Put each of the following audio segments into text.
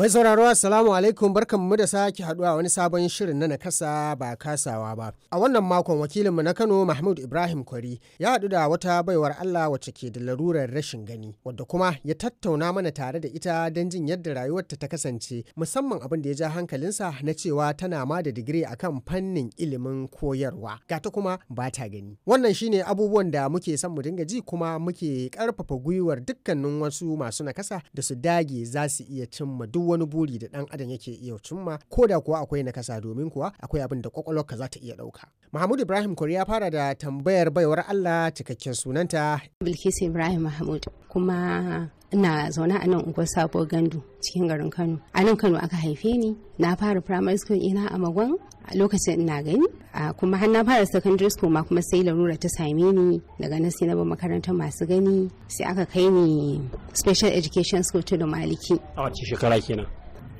Mai sauraro Assalamu alaikum barkanmu da sake haduwa wani sabon shirin na nakasa ba kasawa ba. A wannan makon wakilinmu na Kano Mahmud Ibrahim Kwari ya haɗu da wata baiwar Allah wacce ke da larurar rashin gani wadda kuma ya tattauna mana tare da ita don jin yadda rayuwarta ta kasance musamman abin da ya ja hankalinsa na cewa tana ma da digiri akan fannin ilimin koyarwa ga ta kuma ba ta gani. Wannan shine abubuwan da muke son mu dinga ji kuma muke karfafa gwiwar dukkanin wasu masu nakasa da su dage za su iya cimma duk wani buri da dan adam yake iya cimma ko da kuwa akwai nakasa domin kuwa akwai abin da kwakwalwarka za ta iya ɗauka. Mahmud Ibrahim Kori ya fara da tambayar baiwar Allah cikakken sunanta. Bilkisu Ibrahim Mahmud kuma ina zaune a nan unguwar sabuwar gandu cikin garin kano a nan kano aka haife ni na fara primary school ina a magon a lokacin ina gani kuma har na fara secondary school ma kuma sai larura ta same ni daga nan sai na ba makarantar masu gani sai aka kai ni special education school da maliki a wace shekara kenan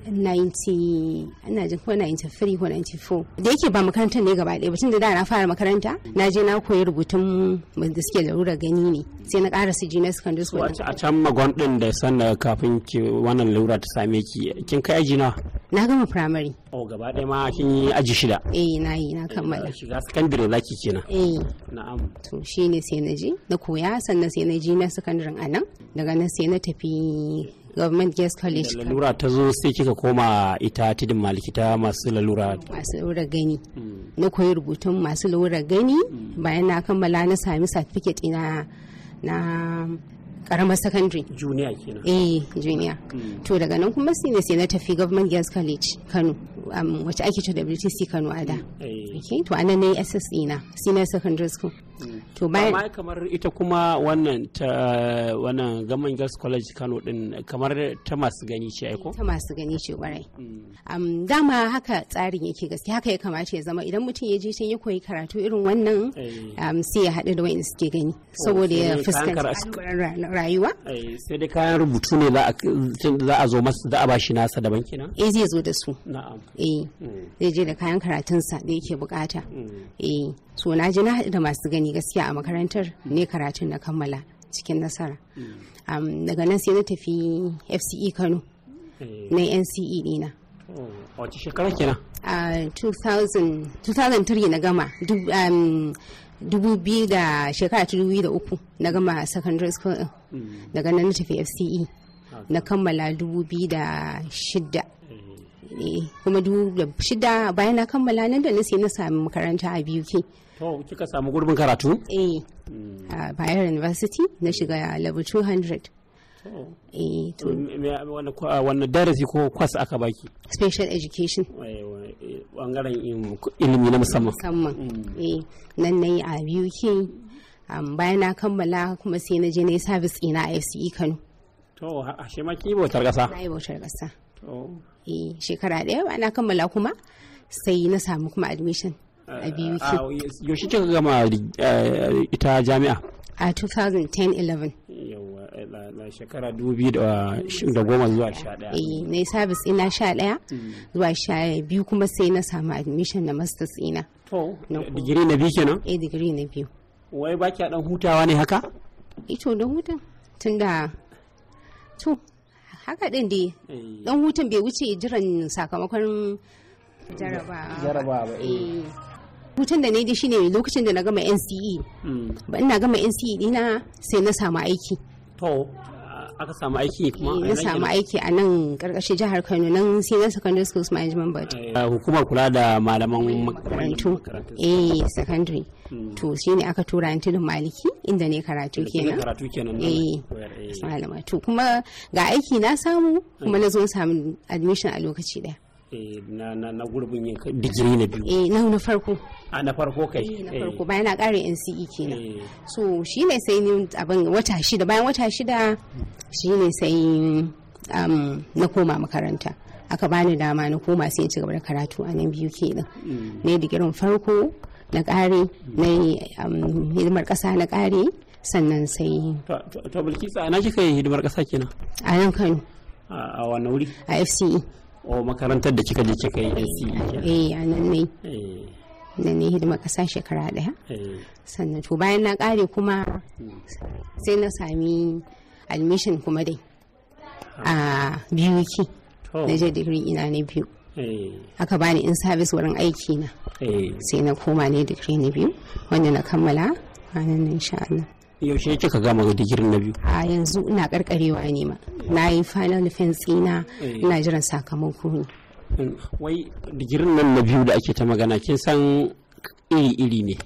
90 ina jin ko 93 ko 94 da yake ba makarantar ne gaba ɗaya da da na fara makaranta na je na koyi rubutun da suke larurar gani ne sai na ƙara su junior secondary school a can magon ɗin da sanda kafin ki wannan lura ta same ki kin kai aji na na gama primary oh gaba ɗaya ma kin yi aji shida eh na yi na kammala eh, shiga secondary zaki kenan eh na'am to shine sai na je na koya sannan sai na je na secondary anan daga nan sai na tafi government girls college lalura ta zo sai kika koma ita tidin maliki ta masu lalura masu lalura gani hmm. na koyi rubutun masu lalura gani hmm. bayan na kammala na sami certificate ina na karamar secondary junior kenan eh junior hmm. to daga nan kuma sai ne sai na tafi government girls college kano um, wacce ake cewa wtc kano a da eh. okay to anan ne ss na senior secondary school to amma kamar ita kuma wannan ta wannan gaman girls college kano din kamar ta masu gani ce aiko eh, ta masu gani ce warai mm. dama haka tsarin yake gaske haka ya kamata ya zama idan mutum ya je can ya koyi karatu irin wannan eh. sai ya haɗu da wa'in suke gani oh, saboda ya fuskanci rayuwa eh, sai dai kayan rubutu ne za a zo masa za a ba shi nasa daban kenan eh zai zo da su na'am eh mm. zai je da kayan karatunsa da yake bukata mm. eh so na je na haɗu da masu gani ni gaskiya a makarantar ne karatun na kammala cikin nasara daga nan sai na tafi fce kano na nce dina oh, a wace shekara kenan a 2003 na gama dubu biyu da shekara ta dubu da uku na gama secondary school mm. daga nan na tafi fce ah. na kammala dubu biyu da shida eh kuma dubu shida bayan na kammala nan da na sai na sami makaranta a biyu ke to kika samu gurbin karatu eh hmm. a Bayero University na shiga level 200 eh wani darasi ko kwas aka baki special education eh, eh, bangaren ilimi na musamman musamman hmm. eh, nan na yi a uk bayan na kammala kuma sai na je na yi service ina a FCE Kano to a shi ma ki bautar gasa na yi bautar gasa eh shekara daya ba na kammala kuma sai na samu kuma admission a eh, biyu ah, yaushe kika gama eh, ita jami'a a 2010-11 yawa eh, shekara 2010 zuwa 11 daya. na yi sabis ina 11 mm. zuwa 12 kuma sai na samu admission na masters ina to digiri na biyu kenan eh digiri na biyu wai ba a dan hutawa ne haka ito da hutan tunda to haka din dai dan eh. hutun bai wuce jiran sakamakon jarabawa ba eh. Eh. hutun da ne shi shine lokacin da na gama NCE mm. ba ina gama NCE dina sai na samu aiki aka samu aiki kuma eh, na samu aiki a nan karkashin jihar Kano nan senior secondary schools management board eh, hukumar kula da malaman eh, makarantu eh secondary hmm. to shine aka tura ni tudun maliki inda ne karatu kenan karatu kenan eh to kuma ga aiki na samu kuma hmm. na zo samu admission a lokaci daya Eh, na na na gurbin yin digiri na biyu eh na na farko a ah, na farko kai eh na eh. farko bayan na kare NCE kenan eh. so shine sai ni abin wata shida bayan wata shida shine sai um, na koma makaranta aka bani dama na koma sai ci gaba da karatu a nan biyu ke din mm. na digirin farko na kare na um, hidimar kasa na kare sannan sai to bilkisa na kika yi hidimar kasa kenan a nan kano a wani wuri a fce o makarantar da kika je kika yi SCE eh a nan ne eh. Nan ne hidima kasa shekara ɗaya eh. sannan to bayan na kare kuma sai na sami admission kuma dai a biyu ki na je digiri ina na biyu eh. aka bani in service wurin aiki na sai na koma ne digiri na biyu wanda na kammala a nan insha Allah yaushe kika gama digirin na biyu a yanzu ina karkarewa ne ma na yi final defense ina eh. ina jiran sakamako ne mm, wai digirin nan na biyu da ake ta magana kin san iri-iri ne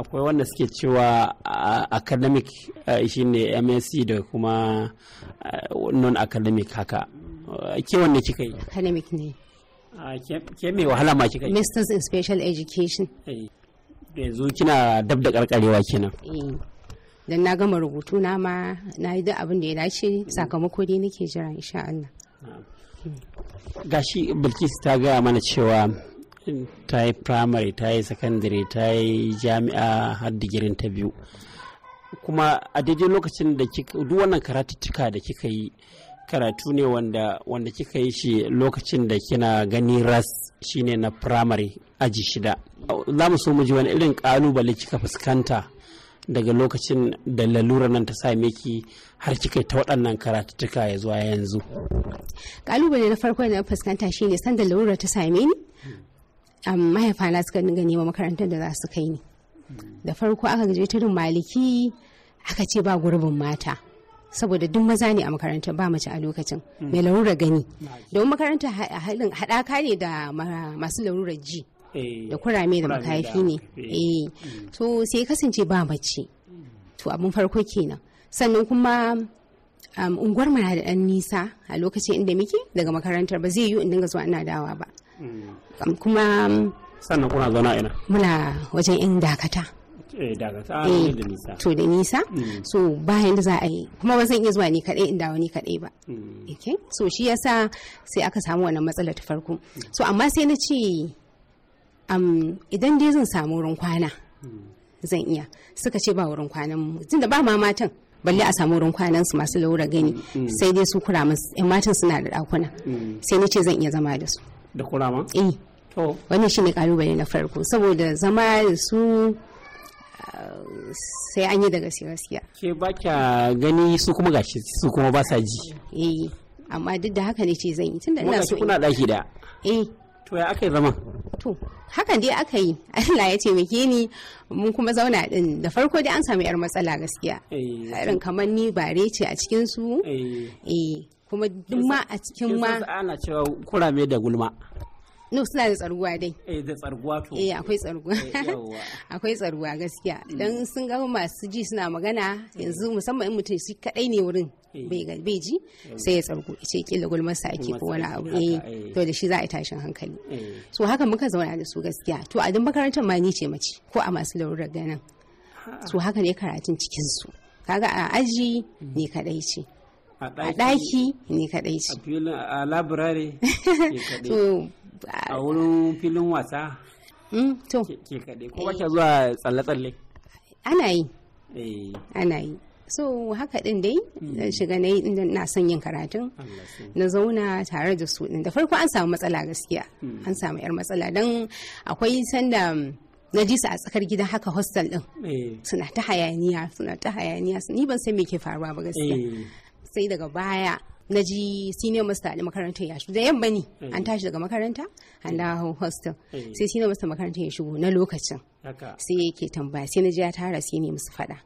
akwai wanda suke cewa ah, academic eh, shine msc da kuma eh, non-academic haka ke wanda kika yi academic ne ah, ke mai wahala ma kika yi masters in special education yanzu kina dab da karkarewa kenan dan na gama rubutu na ma na yi duk abin da ya dace sakamako dai nake jira insha Allah gashi bilkisu ta gaya mana cewa ta yi primary ta yi secondary ta yi jami'a har digirin ta biyu kuma a daidai lokacin da duk wannan karatuttuka da kika yi karatu ne wanda wanda kika yi shi lokacin da kina gani ras shine na primary aji shida za mu so mu ji wani irin kalubale kika fuskanta daga lokacin da lalura nan ta same ki har kika ta waɗannan karatuttuka ya zuwa yanzu kalubale na farko da na fuskanta shi ne sanda lalura ta same ni mahaifana suka dinga nema makarantar da za su kai ni da farko aka gaje tudun maliki aka ce ba gurbin mata saboda duk maza ne a makaranta ba mace a lokacin mai larura gani domin makaranta haɗaka ne da masu larura ji Eh, da kurame da makafi ne eh so sai kasance ba mace hmm. to abin farko kenan sannan kuma um, unguwar mu na da dan nisa a lokacin inda muke daga makarantar ba zai yiwu in dinga zuwa ina dawa ba hmm. um, kuma sannan kuna zauna ina muna wajen in dakata eh, ah, eh, to da nisa hmm. so bayan da za a yi kuma ba zan iya zuwa ni kaɗai in dawo ni kaɗai ba okay so shi yasa sai aka samu wannan matsala ta farko so amma sai na ce idan dai zan samu wurin kwana zan iya suka ce ba wurin kwanan mu tunda ba ma matan balle a samu wurin kwanan su masu laura gani mm. sai dai su kurama yan matan suna da dakuna mm. sai na ce zan iya zama da su da kurama eh to wannan shine kalubale na farko saboda zama da su uh, sai an yi daga gaske gaskiya ke ba kya gani su kuma gashi su kuma ba sa ji eh amma duk da haka ne ce zan yi tunda ina so kuna daki da eh to ya akai zaman? to hakan dai aka yi Allah ya taimake ni mun kuma zauna din da farko dai an samu yar matsala gaskiya eh. irin kamar ni bare ce a cikin su eh. eh kuma duk ma a cikin ma ana cewa kurame da gulma no suna da tsarguwa dai eh da tsarguwa to eh akwai tsarguwa eh, akwai tsarguwa gaskiya dan sun ga masu ji suna magana yanzu musamman in mutum shi kadai ne wurin Eh. bai ji eh. sai ya tsargu ya ce kila gulmarsa ake ko wani abu eh, eh to da shi za a yi tashin hankali so haka muka zauna da su gaskiya to a duk makarantar ma ni ce mace ko a masu larurar ganin so haka ne karatun cikin su kaga a aji hmm. ne kadai ce a ɗaki ne kadai ce a labirare ne a wurin filin wasa hmm, to ke kadai ko wacce zuwa tsalle-tsalle ana yi ana yi so haka din dai mm. shiga na na son yin karatun na zauna tare da su da farko an samu matsala gaskiya mm. an samu yar matsala don akwai sanda na ji su a tsakar gidan haka hostel din eh. suna ta hayaniya suna ta hayaniya ni ban san me ke faruwa ba gaskiya eh. sai daga baya na ji senior master da makarantar ya shigo da yamma ne eh. an tashi daga makaranta an dawo hostel sai senior master makarantar ya shigo na lokacin sai ke tambaya sai na ji ya tara sai ne musu fada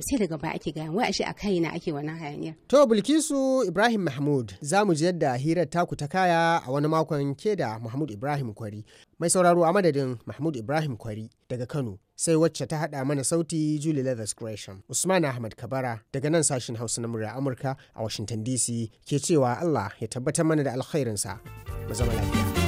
to sai daga baya ake gaya wai ashe a kaina ake wani hayaniya. to bilkisu ibrahim mahmud za mu jiyar da hirar taku ta kaya a wani makon ke da mahmud ibrahim kwari mai sauraro a madadin mahmud ibrahim kwari daga kano sai wacce ta hada mana sauti Julie Leathers Gresham. Usman Ahmad Kabara daga nan sashen Hausa na murya Amurka a Washington DC ke cewa Allah ya tabbatar mana da alkhairinsa. Mu zama lafiya.